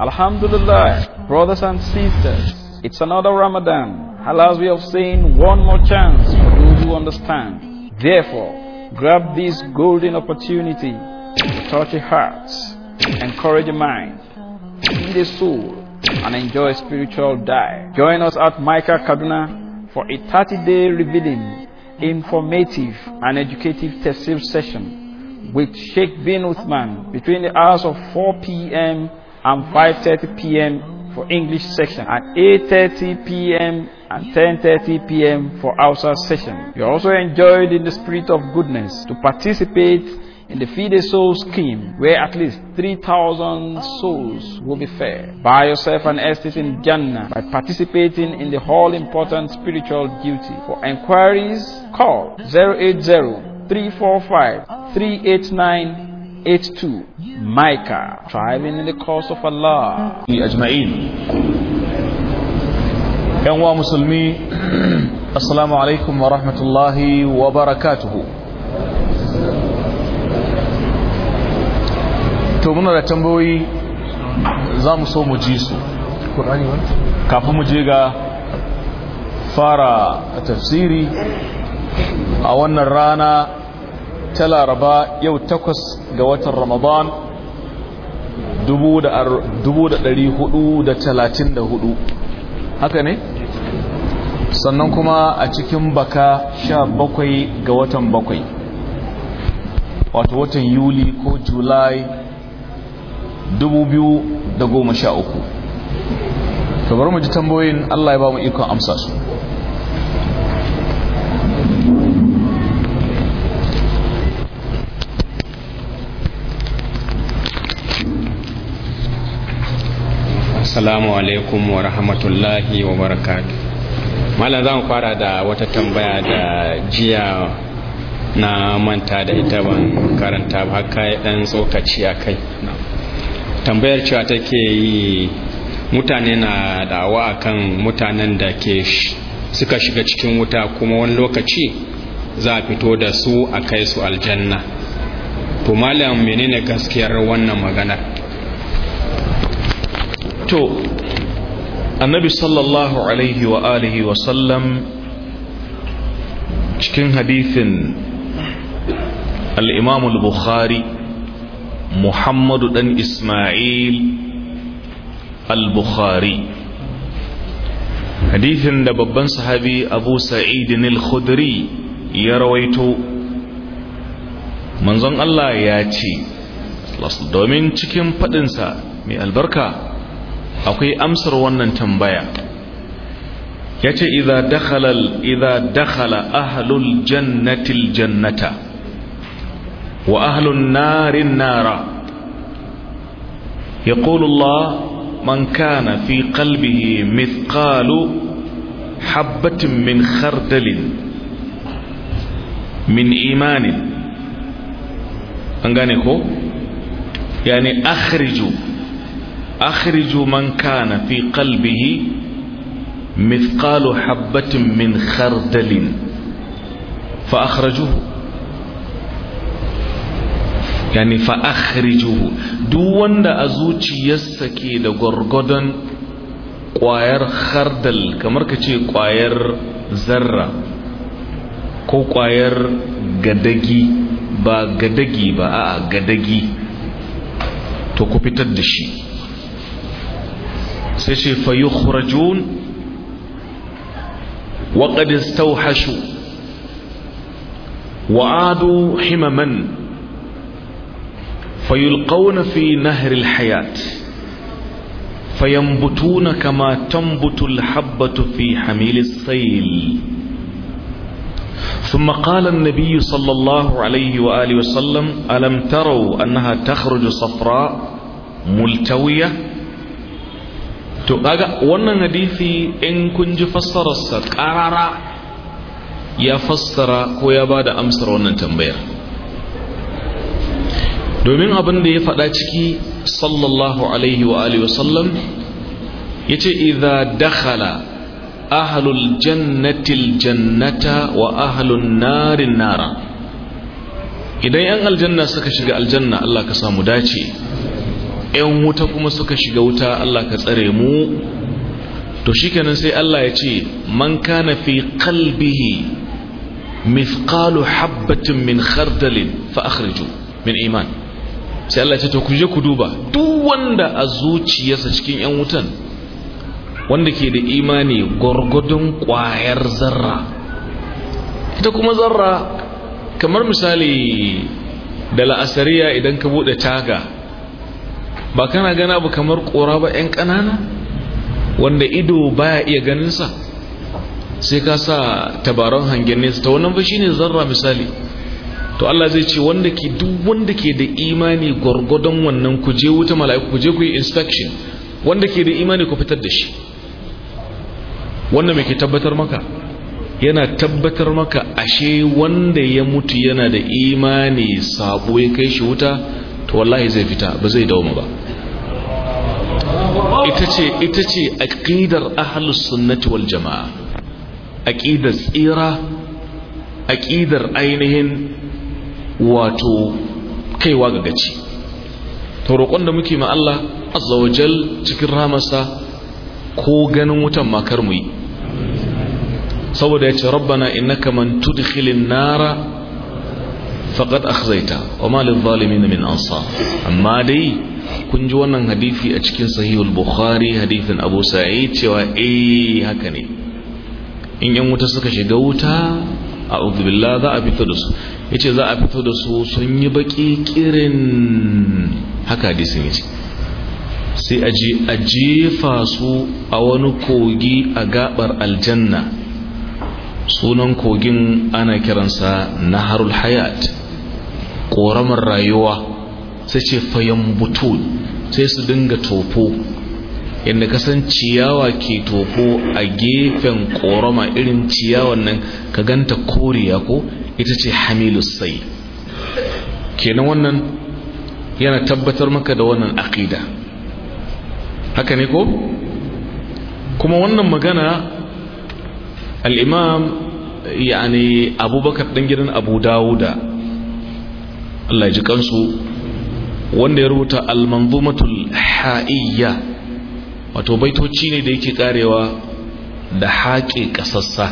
Alhamdulillah, brothers and sisters, it's another Ramadan. Allah's way of saying one more chance for those who understand. Therefore, grab this golden opportunity to touch your hearts, encourage your mind, feed the soul, and enjoy a spiritual diet. Join us at Micah Kaduna for a 30 day revealing, informative, and educative tafsir session with Sheikh bin Uthman between the hours of 4 p.m and 5:30 p.m. for English section, and 8:30 p.m. and 10:30 p.m. for Hausa session. You are also enjoyed in the spirit of goodness to participate in the Feed a Soul scheme, where at least 3,000 souls will be fed. Buy yourself an estate in Jannah by participating in the all important spiritual duty. For enquiries, call 080 345 389 282 Micah striving in the cause of Allah ajma'in yan wa musulmi assalamu alaikum wa rahmatullahi wa barakatuhu to muna da tambayoyi za mu so mu ji su kafin mu je ga fara tafsiri a wannan rana ta laraba yau takwas ga watan ramadan 434 haka ne sannan kuma a cikin baka 17 ga watan bakwai wato watan yuli ko julai 2013 kabar mu ji tambayoyin allah ya ba mu ikon amsa su assalamu alaikum wa rahmatullahi wa barakatu malam zan fara da wata tambaya da jiya na manta da ita ban karanta ba ya dan tsokaci a kai tambayar cewa take yi mutane na dawa akan mutanen da ke suka shiga cikin wuta kuma wani lokaci za a fito da su a kai su aljanna to malam menene gaskiyar wannan maganar to annabi sallallahu alaihi wa alihi wa sallam cikin hadithin Al'imamul bukhari muhammadu dan ismail al-bukhari hadithin da babban sahabi abu sa'idin al-khudri ya rawaito manzon Allah ya ce domin cikin faɗinsa mai albarka akwai amsar wannan tambaya ya ce iza dakhala ahlul jannatil jannata wa ahlun narin nara Allah man kana fi كان mithqalu قلبه min khardalin min imanin an gane ko yani أخرجوا akhriju man kana fi qalbihi mithqalu habatin min khardalin fa akhrajuhu yani duk wanda a zuciyarsa ke da gwargwadon kwayar hardal kamar ka ce kwayar zarra ko kwayar gadagi ba gadagi ba aa gadagi to ku fitar da shi سيشي فيخرجون وقد استوحشوا وعادوا حمما فيلقون في نهر الحياة فينبتون كما تنبت الحبة في حميل السيل ثم قال النبي صلى الله عليه وآله وسلم ألم تروا أنها تخرج صفراء ملتوية to kaga wannan hadisi in kun ji fassararsa karara ya fassara ko ya ba da amsar wannan tambayar domin abin da ya faɗa ciki sallallahu alaihi wa alihi wasallam ya ce idha dakhala ahlul jannatil jannata wa ahlun narin nara idan yan aljanna suka shiga aljanna Allah ka samu dace 'yan wuta kuma suka shiga wuta Allah ka tsare mu to shikenan sai Allah ya ce man kana fi qalbihi mithqalu habatin min khardalin fa akhriju min iman sai Allah ya ce to ku je ku duba duk wanda a zuciyarsa cikin 'yan wutan wanda ke da imani gwargwadon ƙwayar zarra ita kuma zarra kamar misali da la'asariya idan ka bude taga ba kana gana ba kamar kora ba 'yan kanana wanda ido baya iya ganinsa sai ka sa tabaron hangen nesa ta wannan ba shine zarra misali to Allah zai ce wanda ke duk wanda ke da imani gwargwadon wannan ku je wuta mala'iku ku je ku yi inspection wanda ke da imani ku fitar da shi wannan mai ke tabbatar maka yana tabbatar maka ashe wanda ya mutu yana da imani sabo ya kai shi wuta to wallahi zai fita ba zai dawo ba ita ce ita ce aqidar ahlus sunnati wal jamaa aqidar tsira aqidar ainihin wato kaiwa ga gaci to roƙon da muke ma Allah azza wajal cikin ramarsa ko ganin wutan makar mu yi saboda yace rabbana innaka man tudkhilin nara faqad akhzaita wa ma lil zalimin min ansar amma dai kun ji wannan hadisi a cikin sahihul bukhari hadisin abu sa'id cewa eh haka ne in yan wuta suka shiga wuta a billah za a fito da su ya ce za a fito da su sun yi baki kirin haka hadisin ya ce sai a jefa su a wani kogi a gabar aljanna sunan kogin ana kiransa naharul hayat ƙoramar rayuwa sai ce fayan butun sai su dinga tofo yadda kasan ciyawa ke tofo a gefen ƙorama irin ciyawan nan ka ganta koriya ko ita ce hamilus sai kenan wannan yana tabbatar maka da wannan aƙida haka ne ko kuma wannan magana al'imam yani abubakar ɗin gidan abu dawuda Allah ji kansu wanda ya rubuta almanzumatul ha'iyya wato baitoci ne da yake karewa da haƙe ƙasassa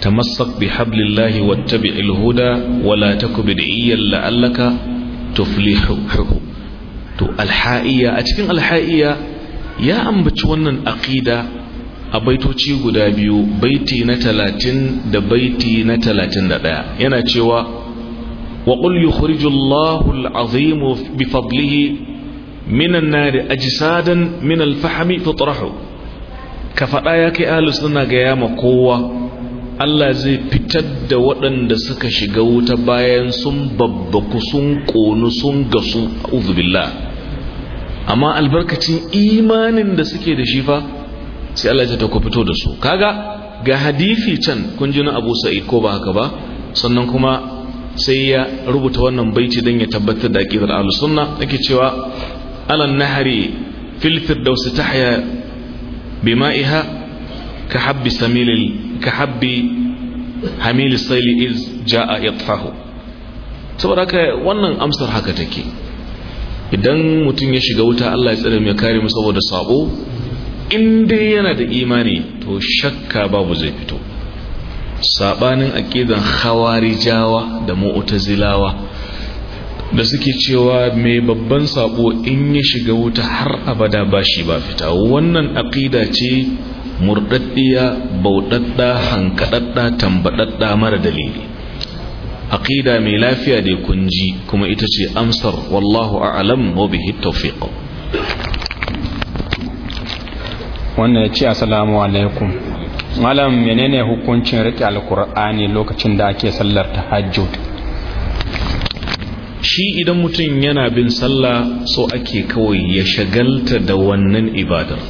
ta masak bi hablillahi wattabi ilhuda wala da bid'iyyar la'allaka tuflihu to alha'iyya a cikin alha'iyya ya ambaci wannan aƙida a baitoci guda biyu baiti na talatin da baiti na talatin da ɗaya yana cewa وقل يخرج الله العظيم بفضله من النار أجسادا من الفحم تطرحه كفرأيك أهل سنة Allah zai fitar da waɗanda suka shiga wuta bayan sun babbaku sun ƙonu gasu uzubillah amma albarkacin imanin da suke da shi fa sai Allah ya ta ku fito da su kaga ga hadisi can kun ji Abu Sa'id ko ba haka ba sannan kuma sai ya rubuta wannan baiti don ya tabbatar da aƙidar al sunna yake cewa alan nahari fil ta haya bima'iha ka habbi samilil ka habbi hamilis saili iz jaa tafahu saboda haka wannan amsar haka take idan mutum ya shiga wuta Allah ya tsare mai kare mu saboda sabo in dai yana da imani to shakka babu zai fito sabanin aqidan khawarijawa da mu'tazilawa da suke cewa mai babban sabo in ya shiga wuta har abada ba shi ba fita wannan aƙida ce murdaddiya bauɗaɗɗa hankaɗaɗɗa tambaɗaɗɗa mara dalili Aƙida mai lafiya da kunji kuma ita ce amsar wallahu a'lam wa bihi tawfiq wannan ya ce assalamu alaikum malam menene hukuncin rike alkur'ani lokacin da ake sallar ta tahajjud shi idan mutum yana bin sallah so ake kawai ya shagalta da wannan ibadar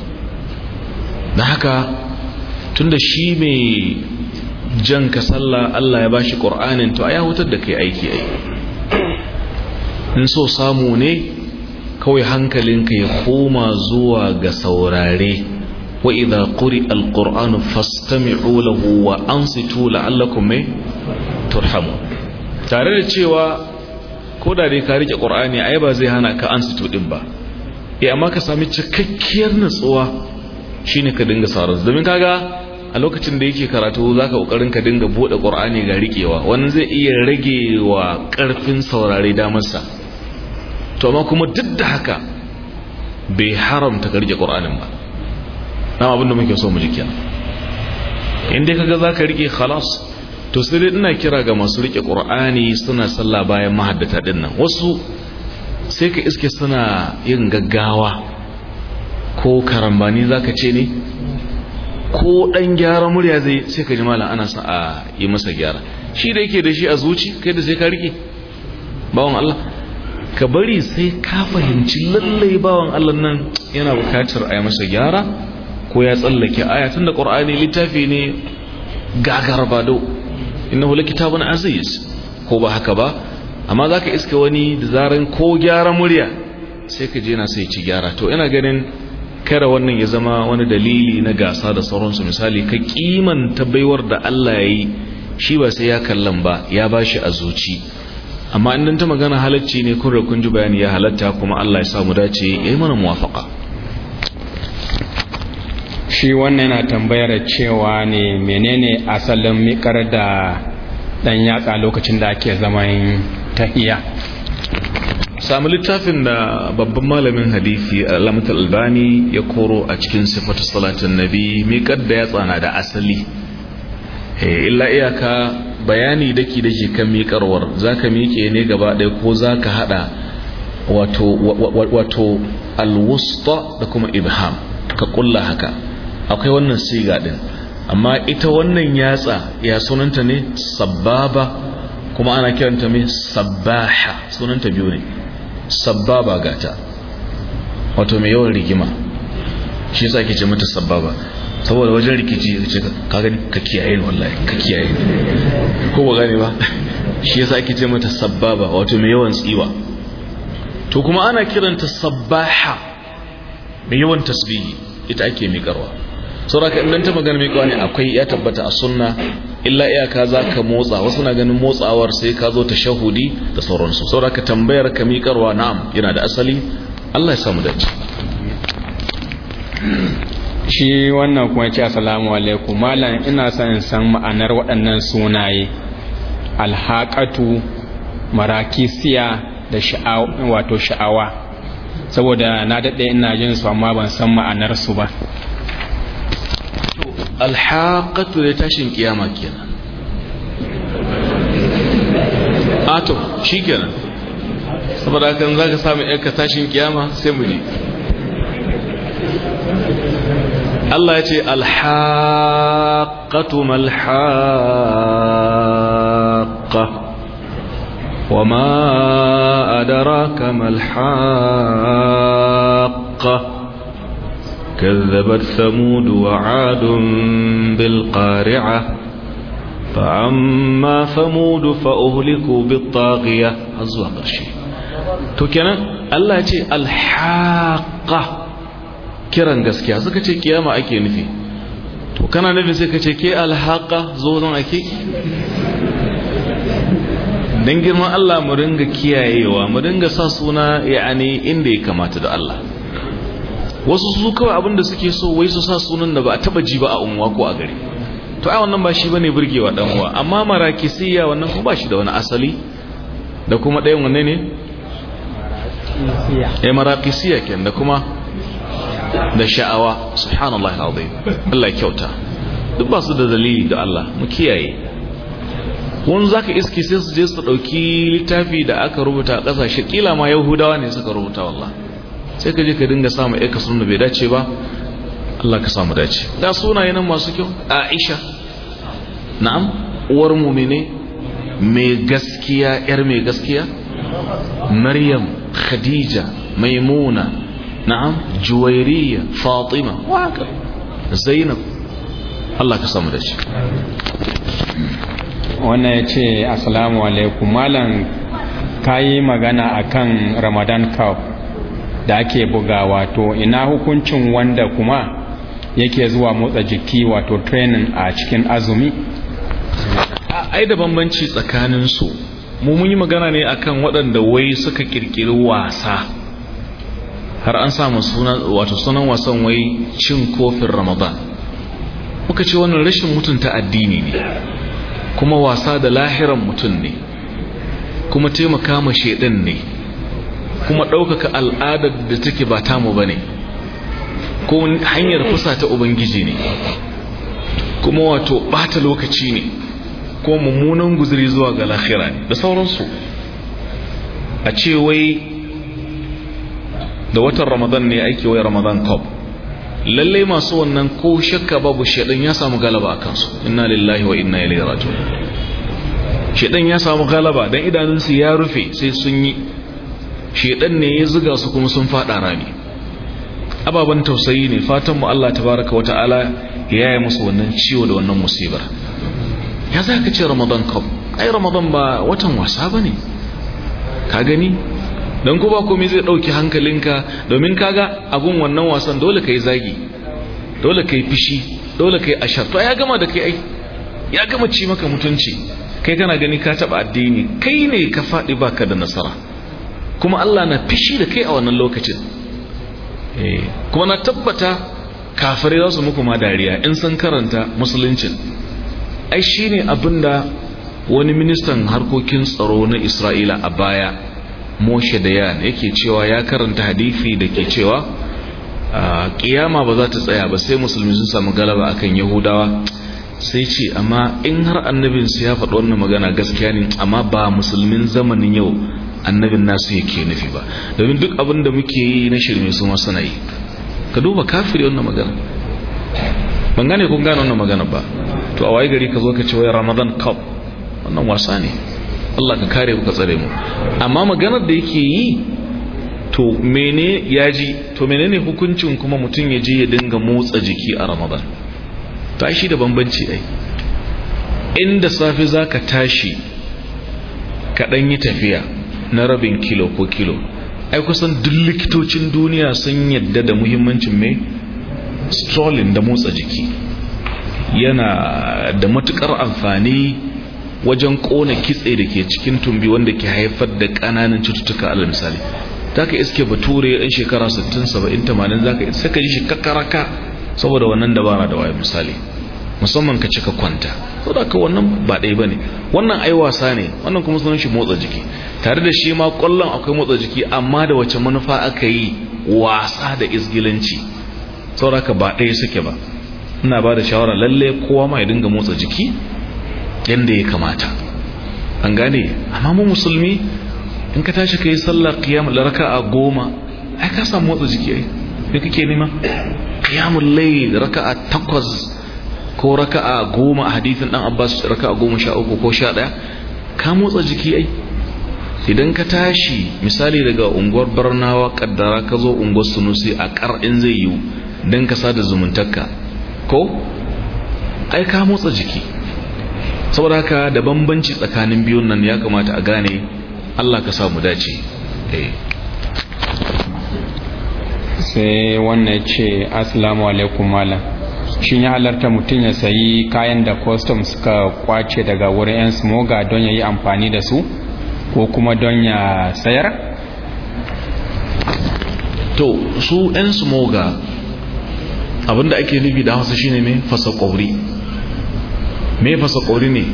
na haka tunda shi mai jan ka sallah Allah ya bashi ƙur'anin to a ya hutar da kai aiki ai in so samu ne kawai hankalinka ya koma zuwa ga saurare wa idha quri Alƙur'anu fas fastami'u lahu wa ansitu la'allakum mai turhamu tare da cewa ko da dai ka rike qur'ani ai ba zai hana ka ansitu din ba eh amma ka sami cikakkiyar nutsuwa shine ka dinga sauraron domin kaga a lokacin da yake karatu zaka kokarin ka dinga bude qur'ani ga rikewa wannan zai iya rage wa karfin saurare damarsa to amma kuma duk da haka bai haramta ka rike qur'anin ba na abin da muke so mu ji kenan inda kaga za ka riƙe khalas to sai dai ina kira ga masu rike ƙur'ani suna sallah bayan mahaddata ɗin nan wasu sai ka iske suna yin gaggawa ko karambani za ka ce ne ko ɗan gyara murya zai sai ka ji malam ana sa a yi masa gyara shi da yake da shi a zuci kai da sai ka riƙe bawan Allah ka bari sai ka fahimci lallai bawan Allah nan yana bukatar a yi masa gyara ko ya tsallake ayatun da qur'ani littafi ne gagar bado innahu kitabun aziz ko ba haka ba amma za ka iska wani da zaran ko gyara murya sai ka je na sai ci gyara to ina ganin kara wannan ya zama wani dalili na gasa da sauransu misali ka kimanta baiwar da Allah ya yi shi ba sai ya kallon ba ya ba shi a zuci amma in ta magana halacci ne kun kun ji bayani ya halatta kuma Allah ya samu dace ya yi mana muwafaka shi wannan yana tambayar cewa ne menene asalin mikar da dan yatsa lokacin da ake zaman tahiya samu littafin da babban malamin hadisi alamatul albani ya koro a cikin sifatu salatin nabi mikar da yatsa na da asali eh, illa iyaka bayani daki dake kan mikarwar zaka miƙe ne gaba ɗaya ko zaka haɗa wato wato alwusta da kuma ibham ka kulla haka akwai wannan siga din amma ita wannan yatsa ya sunanta ne sababa kuma ana kiranta mai sabbaha sunanta biyu ne sababa gata wato mai yawan rigima shi yasa ake ce mata sababa saboda wajen rikici ce ka gani ka kiyaye ni wallahi ka kiyaye ni ko ba gane ba shi yasa ake ce mata sababa wato mai yawan tsiwa to kuma ana kiranta sabbaha mai yawan tasbihi ita ake karwa sauraka idan ta magana miƙa ne akwai ya tabbata a sunna illa iyaka za ka motsa wasu na ganin motsawar sai ka zo ta shahudi da sauransu sauraka tambayar ka miƙarwa na'am yana da asali Allah ya samu dace shi wannan kuma ce 'asalamu alaikum malam ina son san ma'anar waɗannan sunaye alhaƙatu marakisiya da sha'awa wato sha'awa saboda na daɗe ina jin su amma ban san ma'anar su ba alhaƙatu da tashin kiyama kenan ato shi kenan saboda kan za ka samu yanka tashin kiyama sai mu ne Allah ya ce alhaƙatu malhaƙa wa ma adaraka كذبت ثمود وعاد بالقارعة فأما ثمود فأهلكوا بالطاغية أزوى قرشي تكنا الله يتي الحاقة kiran gaskiya suka ce kiyama ake nufi to kana nufin sai ka ce ke alhaka zo don girman Allah mu dinga kiyayewa mu dinga sa suna ya'ani inda ya kamata da Allah wasu su kawai abin da suke so wai su sa sunan da ba a taba ji ba a unguwa ko a gari to ai wannan ba shi bane burgewa dan uwa amma marakisiya wannan ko ba shi da wani asali da kuma ɗayan wanne ne eh marakisiya kenan da kuma da sha'awa subhanallahi alazim Allah kyauta duk ba su da dalili da Allah mu kiyaye wani za ka iske sai su je su ɗauki littafi da aka rubuta a ƙasashe ƙila ma yahudawa ne suka rubuta wallah sai ka je ka dinga samu ya ka bai dace ba Allah ka samu dace da sunaye nan masu kyau Aisha na'am uwar ne mai gaskiya yar mai gaskiya Maryam Khadija Maimuna na'am Juwairiya Fatima wa Zainab Allah ka samu dace wannan ya ce assalamu alaikum malam ka yi magana akan ramadan cup da ake bugawa to ina hukuncin wanda kuma yake zuwa motsa jiki wato training a cikin azumi ai da bambanci tsakanin su mu mun yi magana ne akan waɗanda wai suka kirkiri wasa har an samu suna wato sunan wasan wai cin kofin ramadan muka ce wannan rashin mutunta addini ne kuma wasa da lahiran mutum ne kuma taimaka ma shaidan ne kuma ɗaukaka al'adar da take ba tamu ba ne ko hanyar fusa ta ubangiji ne kuma wato ɓata lokaci ne ko mummunan guzuri zuwa ga lahira ne da sauransu a ce wai da watan ramadan ne ake wai ramadan cup lallai masu wannan ko shakka babu shaɗin ya samu galaba a kansu inna lillahi wa inna ilaihi raji'un shaɗin ya samu galaba don idanunsu ya rufe sai sun yi shedan ne ya zuga su kuma sun fada rami ababan tausayi ne fatan mu Allah tabaaraka wa ta'ala ya yi musu wannan ciwo da wannan musibar ya za ka ce ramadan kam ai ramadan ba watan wasa ba ne ka gani don ko ba komai zai ɗauki hankalinka domin kaga abun wannan wasan dole ka zagi dole ka fishi dole ka ashar to ya gama da kai ai ya gama ci maka mutunci kai kana gani ka taɓa addini kai ne ka faɗi baka da nasara kuma Allah na fishi da kai a wannan lokacin eh, kuma na tabbata kafirai za su muku ma dariya in sun karanta musuluncin ai shi shine abinda wani ministan harkokin tsaro na Isra'ila a baya Moshe da yan yake cewa ya karanta hadifi da ke cewa ah, kiyama ba za ta tsaya ba sai musulmi sun samu galaba akan Yahudawa sai ce amma in har annabinsu ya faɗi wannan magana gaskiya ne amma ba musulmin zamanin yau annabin nasu yake nufi ba domin duk abin da muke yi na shirme su masu suna yi ka duba kafiri wannan magana ban gane kun gane wannan magana ba to a waye gari ka zo ka ce wai ramadan cup wannan wasa ne Allah ka kare ku ka tsare mu amma maganar da yake yi to mene ji? to menene hukuncin kuma mutum ya je ya dinga motsa jiki a ramadan tashi da bambanci ai inda safe zaka tashi ka dan yi tafiya na rabin kilo ko kilo ai kusan duk likitocin duniya sun yadda da muhimmancin mai strolling da motsa jiki yana da matukar amfani wajen kona kitse da ke cikin tumbi wanda ke haifar da ƙananan cututtuka alal misali ta ka iske bature yan shekara 60 70 80 za ka iske shi kakaraka saboda wannan dabara da waye misali musamman ka cika kwanta da ka wannan ba ɗaya bane wannan ai wasa ne wannan kuma sunan shi motsa jiki tare da shi ma kwallon akwai motsa jiki amma da wace manufa aka yi wasa da izgilanci, saboda ka ba ɗaya suke ba ina ba da shawara lalle kowa ma ya dinga motsa jiki yanda ya kamata an gane amma mu musulmi in ka tashi kai sallar qiyam raka'a goma ai ka samu motsa jiki ai me kake nema qiyamul layl raka'a takwas ko raka'a goma a hadithin dan abbas raka'a goma sha uku ko sha ɗaya ka motsa jiki ai idan ka tashi misali daga unguwar barnawa kaddara ka zo unguwar sunusi a in zai yiwu don ka sada zumuntarka ko ai ka motsa jiki saboda haka da bambanci tsakanin biyun nan ya kamata a gane allah ka samu dace eh. sai wannan ce asalamu alaikum malam shin ya halarta mutum ya sayi kayan da kwastam suka kwace daga wurin 'yan smoga don ya yi amfani da su ko kuma don ya sayar to su 'yan smoga abinda ake nufi da hausa shine mai fasa kwauri mai fasa kwauri ne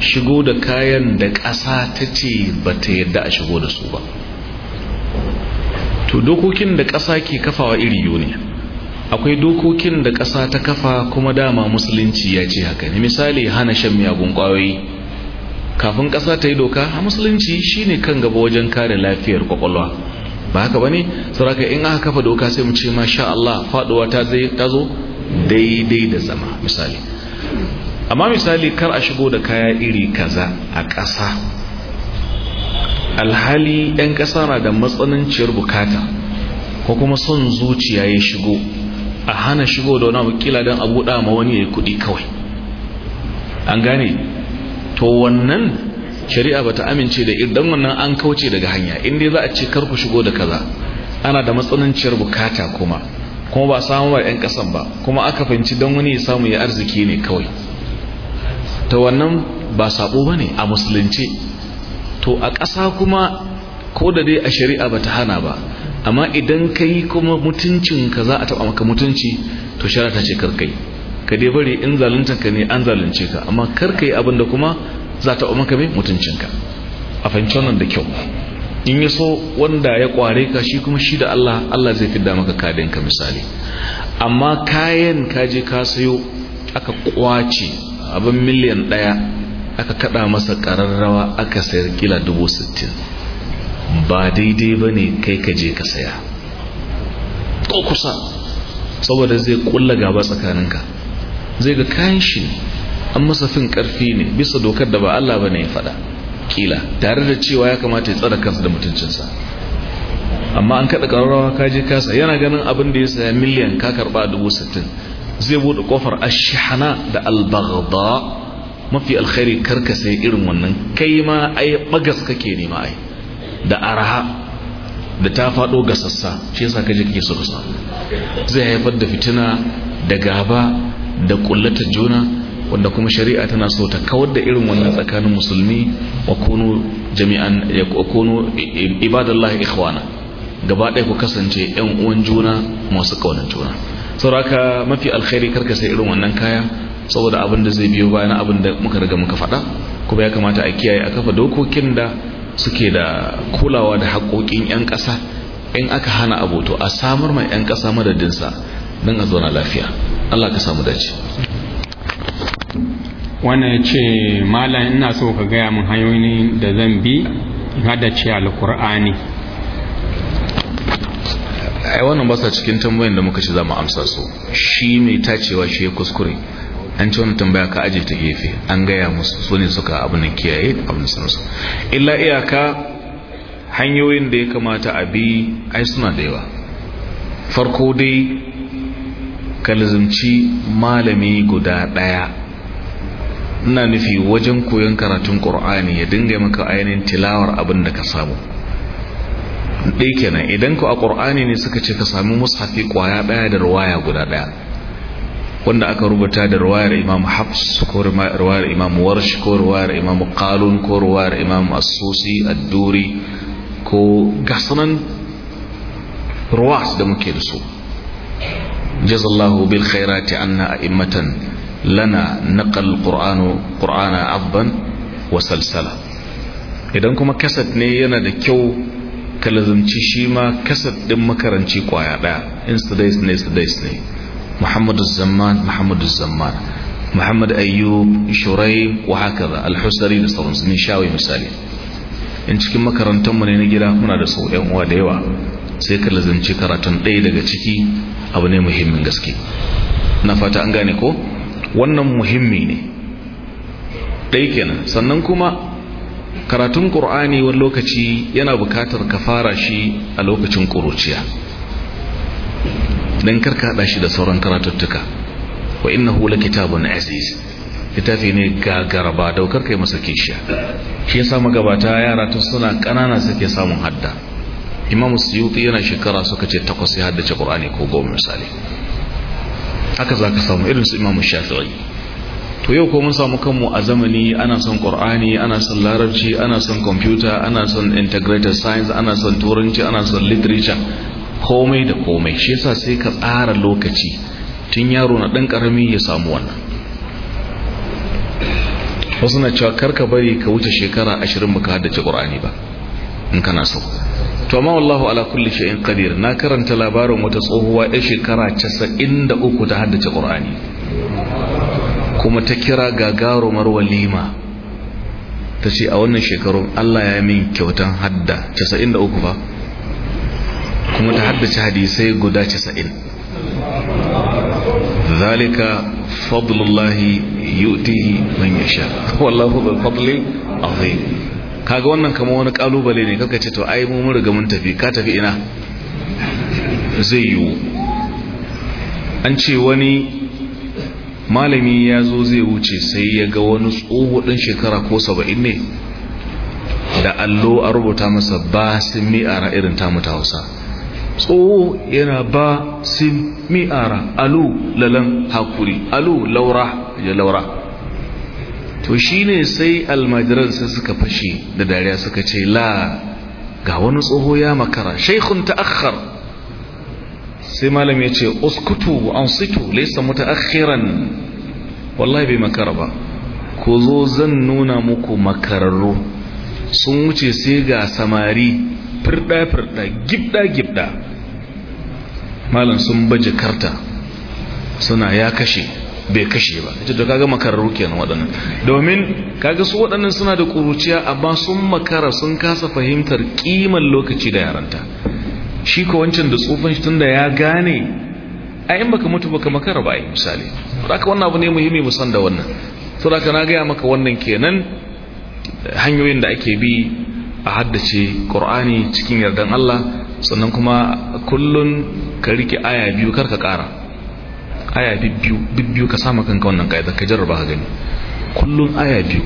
shigo da kayan da ƙasa ta ce ba ta yadda a shigo da su ba to dokokin da ƙasa ke kafawa iri yiwu akwai dokokin da ƙasa ta kafa kuma dama musulunci ya ce haka ne misali hana shan miyagun ƙwayoyi kafin ƙasa ta yi doka a musulunci shine kan gaba wajen kare lafiyar kwakwalwa ba haka ba ne? saraka in aka kafa doka sai mu ce sha Allah faɗuwa ta zo daidai da zama misali amma misali kar a shigo da kaya iri kaza a ƙasa alhali 'yan ƙasa na da matsananciyar bukata ko kuma son zuciya ya shigo a hana shigo da wani abu don a buɗa ma wani ya yi kuɗi kawai an gane to wannan shari'a bata amince da idan wannan an kauce daga hanya in dai za a ce kar ku shigo da kaza ana da matsananciyar bukata kuma kuma ba samu ba 'yan kasan ba kuma aka fahimci don wani ya samu ya arziki ne kawai ta wannan ba sabo ba ne a musulunci to a ƙasa kuma ko da dai a shari'a bata hana ba amma idan kai kuma mutuncinka za a taba maka mutunci to shara ta ce karkai ka dai bari in zalunta ka ne an zalunce ka amma karkai abin da kuma za ta taba maka mai mutuncinka a fahimci wannan da kyau in ya so wanda ya kware ka shi kuma shi da Allah Allah zai fidda maka kadin ka misali amma kayan ka je ka sayo aka kwace abin miliyan ɗaya aka kaɗa masa kararrawa aka sayar kila dubu sittin ba daidai ba ne kai ka je ka saya ko kusa saboda zai kulla gaba tsakaninka zai ga kayan shi an masa fin karfi ne bisa dokar da ba Allah ba ne ya faɗa kila tare da cewa ya kamata ya tsara kansa da mutuncinsa amma an kaɗa ƙararrawa ka je kasa yana ganin abin da ya saya miliyan ka karɓa dubu sittin zai buɗe ƙofar ashihana da albagda mafi alkhairi ka sai irin wannan kai ma ai bagas kake nema ai da araha da ta faɗo ga sassa shi yasa kaje kake so sa zai haifar da fitina da gaba da kullata juna wanda kuma shari'a tana so ta kawar da irin wannan tsakanin musulmi wa kunu jami'an ya kunu ibadallahi ikhwana gaba ɗaya ku kasance yan uwan juna masu kaunar juna sauraka mafi alkhairi karka sai irin wannan kaya saboda abin da zai biyo bayan abin da muka riga muka faɗa kuma ya kamata a kiyaye a kafa dokokin da suke da kulawa da haƙoƙin 'yan ƙasa in aka hana abu to a samar mai 'yan ƙasa madadinsa don a zauna lafiya Allah ka samu dace wannan ya ce malam ina so ka gaya mun hanyoyi da zan bi ce alkur'ani ai wannan ba sa cikin tambayin da muka ci za mu amsa su shi mai tacewa shi ya kuskure an ci wani tambaya ka aje ta gefe an gaya musu su ne suka abin kiyaye abin su illa iyaka hanyoyin da ya kamata a bi ai suna da yawa farko dai ka lazimci malami guda ɗaya ina nufi wajen koyon karatun ƙur'ani ya dinga maka ainihin tilawar abin da ka samu ɗai kenan idan ku a ƙur'ani ne suka ce ka sami mushafi ƙwaya ɗaya da ruwaya guda ɗaya wanda aka rubuta da ruwayar imam hafs ko ruwayar imam warsh ko ruwayar imam qalun ko ruwayar imam asusi ad-duri ko gasunan ruwas da muke da su jazallahu bil khairati anna a'immatan lana naqal qur'anu qur'ana abban wa salsala idan kuma kasat ne yana da kyau ka lazumci shi ma kasat din makaranci kwaya daya in ne ne محمد الزمان محمد الزمان محمد أيوب شريم وهكذا الحسري نستغرس من شاوي مثالي in cikin makarantar mu ne na gida muna da sau yan uwa da yawa sai ka lazanci karatun ɗaya daga ciki abu ne muhimmin gaske na fata an gane ko wannan muhimmi ne ɗaya kenan sannan kuma karatun ƙur'ani wani lokaci yana bukatar ka fara shi a lokacin ƙuruciya dan karka hada shi da sauran karatuttuka wa innahu kitabun aziz littafi ne gagara ba daukar kai masa kishiya shi yasa magabata yara tun suna kanana suke samun hadda Imam suyuti yana shekara suka ce takwas ya haddace qur'ani ko goma misali haka zaka samu irin su imam shafi'i to yau ko mun samu kanmu a zamani ana son qur'ani ana son larabci ana son computer ana son integrated science ana son turanci ana son literature komai da komai shi yasa sai ka tsara lokaci tun yaro na ɗan karami ya samu wannan wasu na cewa karka bari ka wuce shekara ashirin hada haddace ƙur'ani ba in kana so to amma wallahu ala kulli shay'in qadir na karanta labarin wata tsohuwa ya shekara 93 ta haddace qur'ani kuma ta kira gagarumar walima ta ce a wannan shekarun Allah ya min kyautan hadda 93 ba? kuma ta haddace hadisai guda casa'in zalika fadlullahi yutihi man yasha wallahu bil fadli azim kaga wannan kama wani kalubale ne kaka ce to ai mu riga mun tafi ka tafi ina zai yiwu an ce wani malami ya zo zai wuce sai ya ga wani tsoho ɗin shekara ko saba'in ne da allo a rubuta masa ba su mi'ara irin tamu ta hausa tsoho yana ba sin mi'ara alu lalan hakuri alu laura ya laura to shi ne sai almajiran sai suka fashe da dariya suka ce la ga wani tsoho ya makara shaikhun ta'akhkhar sai malam ya ce uskutu ansitu laysa mutaakhiran wallahi bai makara ba ko zo zan nuna muku makararru sun wuce sai ga samari firda firda gibda gibda malam sun baje karta suna ya kashe bai kashe ba ita da kaga makararru kenan waɗannan domin kaga su waɗannan suna da ƙuruciya amma sun makara sun kasa fahimtar ƙiman lokaci da yaranta shi ko wancan da tsufan shi tunda ya gane a yin baka mutu baka makara ba yi misali haka wannan abu ne muhimmi mu san da wannan to haka na gaya maka wannan kenan hanyoyin da ake bi a haddace qur'ani cikin yardan Allah sannan kuma kullun ka rike aya biyu kar ka ƙara aya biyu ka sama kanka wannan ƙa'ida ka jarraba ka gani kullun aya biyu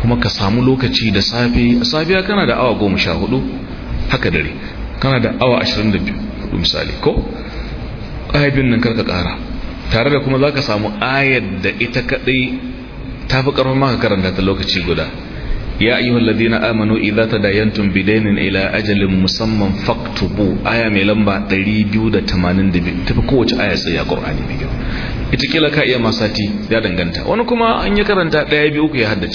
kuma ka samu lokaci da safe safiya kana da awa goma sha hudu haka dare kana da awa ashirin da biyu misali ko aya biyun nan kar ka ƙara tare da kuma za ka samu ayar da ita kaɗai ta fi ƙarfin maka karanta ta lokaci guda يا أيها الذين آمنوا إذا تداينتم بدين إلى أجل مسمى فاكتبوا آية ملمبا تريبيو دا تمانين دبي تبقوة آية سيا قرآن ميجو itikila ka iya masati ya danganta wani kuma an yi karanta ɗaya biyu uku